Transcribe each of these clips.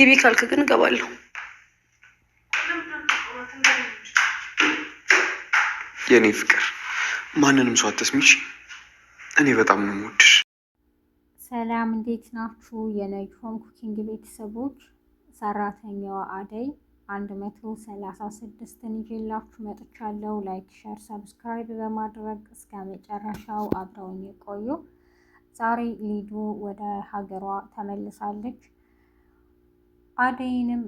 ግቢ ካልክ ግን እገባለሁ። የእኔ ፍቅር ማንንም ሰው አትስሚሽ። እኔ በጣም ነው የምወድሽ። ሰላም እንዴት ናችሁ? የነጂ ሆም ኩኪንግ ቤተሰቦች ሰራተኛዋ አደይ አንድ መቶ ሰላሳ ስድስትን ይዤላችሁ መጥቻለሁ። ላይክ፣ ሸር፣ ሰብስክራይብ በማድረግ እስከ መጨረሻው አብረውን የቆዩ። ዛሬ ሊዱ ወደ ሀገሯ ተመልሳለች። አደይንም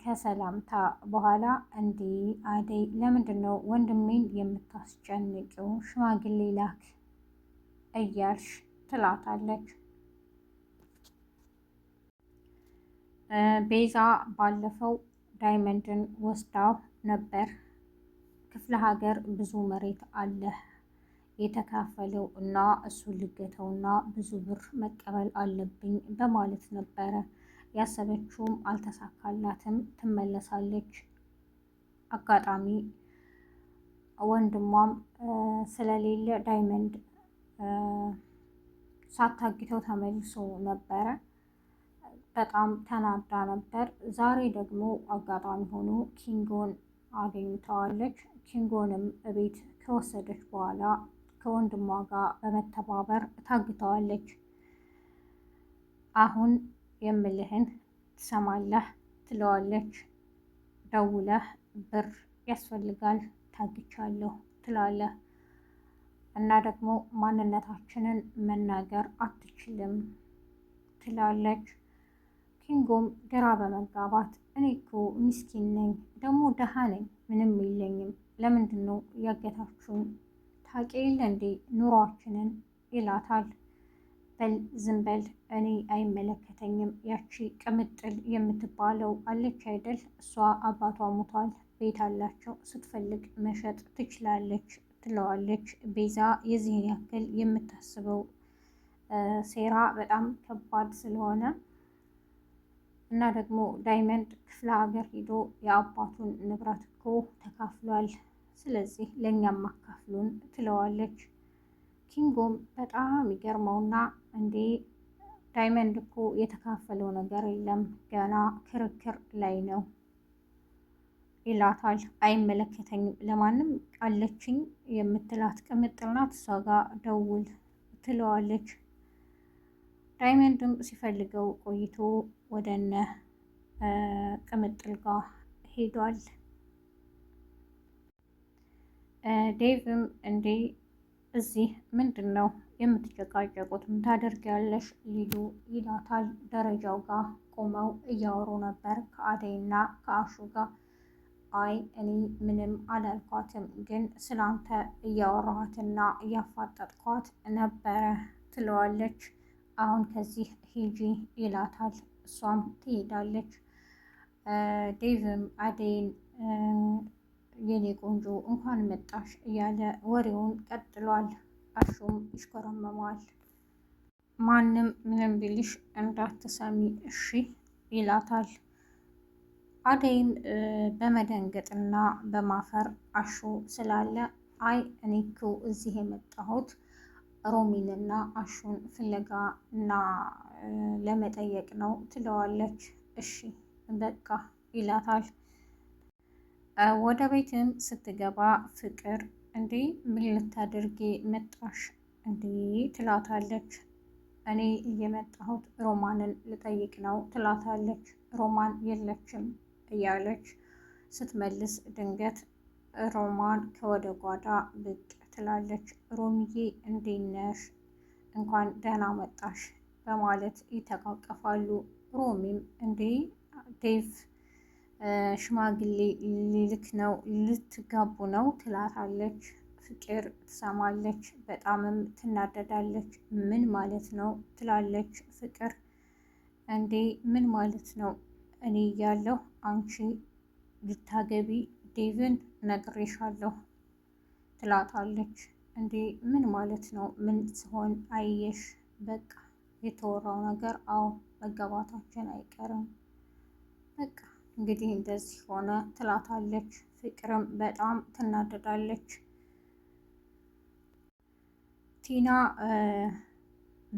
ከሰላምታ በኋላ እንዴ አደይ ለምንድን ነው ወንድሜን የምታስጨንቂው? ሽማግሌ ላክ እያልሽ ትላታለች። ቤዛ ባለፈው ዳይመንድን ወስዳው ነበር። ክፍለ ሀገር ብዙ መሬት አለ የተካፈለው እና ልገተው ልገተውና ብዙ ብር መቀበል አለብኝ በማለት ነበረ ያሰበችውም አልተሳካላትም። ትመለሳለች። አጋጣሚ ወንድሟም ስለሌለ ዳይመንድ ሳታግተው ተመልሶ ነበረ። በጣም ተናዳ ነበር። ዛሬ ደግሞ አጋጣሚ ሆኖ ኪንጎን አገኝተዋለች። ኪንጎንም እቤት ከወሰደች በኋላ ከወንድሟ ጋር በመተባበር ታግተዋለች። አሁን የምልህን ትሰማለህ ትለዋለች። ደውለህ ብር ያስፈልጋል ታግቻለሁ ትላለህ እና ደግሞ ማንነታችንን መናገር አትችልም ትላለች። ኪንጎም ግራ በመጋባት እኔ እኮ ነኝ፣ ደግሞ ደሃ ነኝ፣ ምንም የለኝም። ለምንድን ነው ያገታችሁኝ? ታውቂ የለ እንዴ ኑሯችንን ይላታል። በል ዝም በል እኔ አይመለከተኝም። ያቺ ቅምጥል የምትባለው አለች አይደል? እሷ አባቷ ሙቷል ቤት አላቸው፣ ስትፈልግ መሸጥ ትችላለች ትለዋለች ቤዛ። የዚህን ያክል የምታስበው ሴራ በጣም ከባድ ስለሆነ እና ደግሞ ዳይመንድ ክፍለ ሀገር ሂዶ የአባቱን ንብረት እኮ ተካፍሏል፣ ስለዚህ ለእኛም አካፍሉን ትለዋለች። ኪንጎም በጣም ይገርመውና እንዴ ዳይመንድ እኮ የተካፈለው ነገር የለም ገና ክርክር ላይ ነው ይላታል። አይመለከተኝም ለማንም አለችኝ የምትላት ቅምጥል ናት። እሷ ጋር ደውል ትለዋለች። ዳይመንድም ሲፈልገው ቆይቶ ወደነ ቅምጥል ጋር ሄዷል። ዴቭም እንዴ እዚህ ምንድን ነው የምትጨቃጨቁት ታደርጊያለሽ ልዩ ይላታል። ደረጃው ጋር ቆመው እያወሩ ነበር ከአደይና ከአሹ ጋር። አይ እኔ ምንም አላልኳትም፣ ግን ስላንተ እያወራኋትና እያፋጠጥኳት ነበረ ትለዋለች። አሁን ከዚህ ሂጂ ይላታል። እሷም ትሄዳለች። ዴቭም አደይን የኔ ቆንጆ እንኳን መጣሽ እያለ ወሬውን ቀጥሏል። አሹም ይሽኮረመመዋል። ማንም ምንም ቢልሽ እንዳትሰሚ እሺ ይላታል። አደይም በመደንገጥና በማፈር አሹ ስላለ አይ እኔ እዚህ የመጣሁት ሮሚንና አሹን ፍለጋ እና ለመጠየቅ ነው ትለዋለች። እሺ በቃ ይላታል። ወደ ቤትም ስትገባ ፍቅር እንዴ ምን ልታደርጊ መጣሽ? እንዴ ትላታለች። እኔ እየመጣሁት ሮማንን ልጠይቅ ነው ትላታለች። ሮማን የለችም እያለች ስትመልስ ድንገት ሮማን ከወደ ጓዳ ብቅ ትላለች። ሮሚዬ እንዴነሽ እንኳን ደህና መጣሽ በማለት ይተቃቀፋሉ። ሮሚም እንዴ ዴቭ ሽማግሌ ሊልክ ነው ልትጋቡ ነው ትላታለች። ፍቅር ትሰማለች፣ በጣምም ትናደዳለች። ምን ማለት ነው ትላለች ፍቅር። እንዴ ምን ማለት ነው? እኔ እያለሁ አንቺ ልታገቢ ዴቭን ነግሬሻለሁ ትላታለች። እንዴ ምን ማለት ነው? ምን ሲሆን አየሽ? በቃ የተወራው ነገር አዎ መገባታችን አይቀርም እንግዲህ እንደዚህ ሆነ ትላታለች። ፍቅርም በጣም ትናደዳለች። ቲና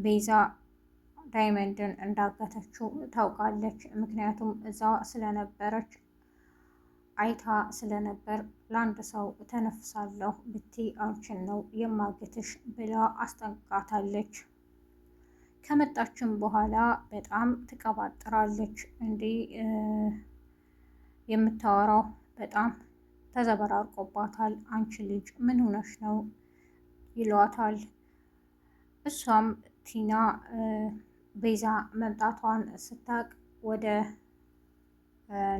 ቤዛ ዳይመንድን እንዳገተችው ታውቃለች። ምክንያቱም እዛ ስለነበረች አይታ ስለነበር ለአንድ ሰው ተነፍሳለሁ ብቲ አንቺን ነው የማግትሽ ብላ አስጠንቅቃታለች። ከመጣችም በኋላ በጣም ትቀባጥራለች እንዲህ የምታወራው በጣም ተዘበራርቆባታል። አንቺ ልጅ ምን ሆነሽ ነው ይሏታል። እሷም ቲና ቤዛ መምጣቷን ስታቅ ወደ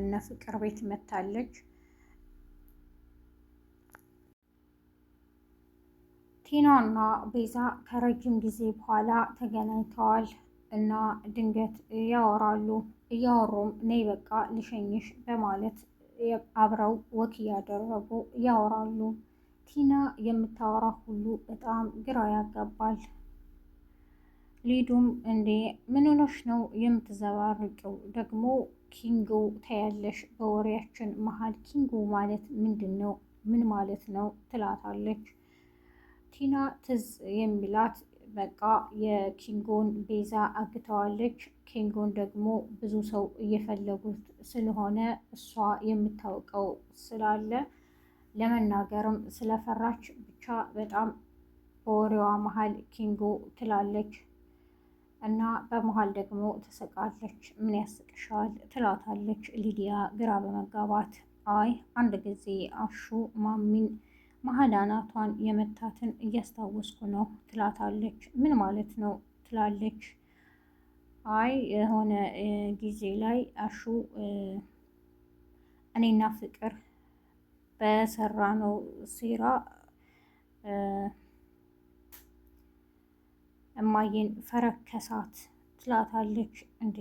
እነ ፍቅር ቤት መታለች። ቲናና ቤዛ ከረጅም ጊዜ በኋላ ተገናኝተዋል። እና ድንገት ያወራሉ። እያወሩም ነይ በቃ ልሸኝሽ በማለት አብረው ወክ እያደረጉ ያወራሉ። ቲና የምታወራ ሁሉ በጣም ግራ ያጋባል። ሊዱም እንዴ ምን ሆነሽ ነው የምትዘባርቂው? ደግሞ ኪንጎ ታያለሽ በወሬያችን መሀል። ኪንጎ ማለት ምንድን ነው? ምን ማለት ነው? ትላታለች። ቲና ትዝ የሚላት በቃ የኪንጎን ቤዛ አግተዋለች። ኪንጎን ደግሞ ብዙ ሰው እየፈለጉት ስለሆነ እሷ የምታውቀው ስላለ ለመናገርም ስለፈራች ብቻ በጣም በወሬዋ መሀል ኪንጎ ትላለች እና በመሀል ደግሞ ትስቃለች። ምን ያስቅሻል ትላታለች ሊዲያ ግራ በመጋባት አይ አንድ ጊዜ አሹ ማሚን መሀል አናቷን የመታትን እያስታወስኩ ነው ትላታለች። ምን ማለት ነው ትላለች። አይ የሆነ ጊዜ ላይ አሹ እኔና ፍቅር በሰራ ነው ሴራ እማዬን ፈረከሳት ትላታለች። እንዴ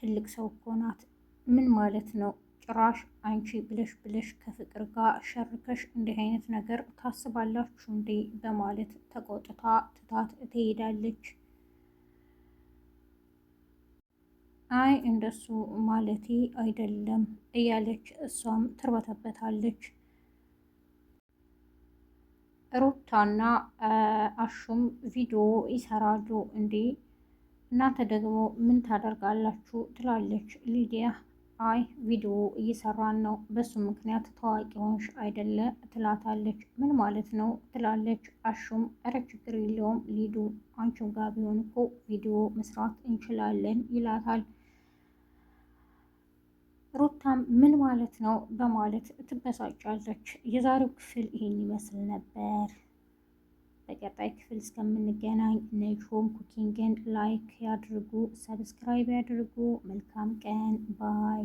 ትልቅ ሰው እኮ ናት። ምን ማለት ነው ጭራሽ አንቺ ብለሽ ብለሽ ከፍቅር ጋር ሸርከሽ እንዲህ አይነት ነገር ታስባላችሁ እንዴ? በማለት ተቆጥታ ትታት ትሄዳለች። አይ እንደሱ ማለቴ አይደለም እያለች እሷም ትርበተበታለች። ሩታና አሹም ቪዲዮ ይሰራሉ እንዴ? እናንተ ደግሞ ምን ታደርጋላችሁ? ትላለች ሊዲያ አይ ቪዲዮ እየሰራን ነው፣ በሱ ምክንያት ታዋቂ ሆንሽ አይደለ ትላታለች። ምን ማለት ነው ትላለች አሹም። እረ ችግር የለውም ሊዱ፣ አንቺም ጋር ቢሆን እኮ ቪዲዮ መስራት እንችላለን ይላታል። ሩታም ምን ማለት ነው በማለት ትበሳጫለች። የዛሬው ክፍል ይሄን ይመስል ነበር። በቀጣይ ክፍል እስከምንገናኝ ነጆም ኩኪንግን ላይክ ያድርጉ፣ ሰብስክራይብ ያድርጉ። መልካም ቀን ባይ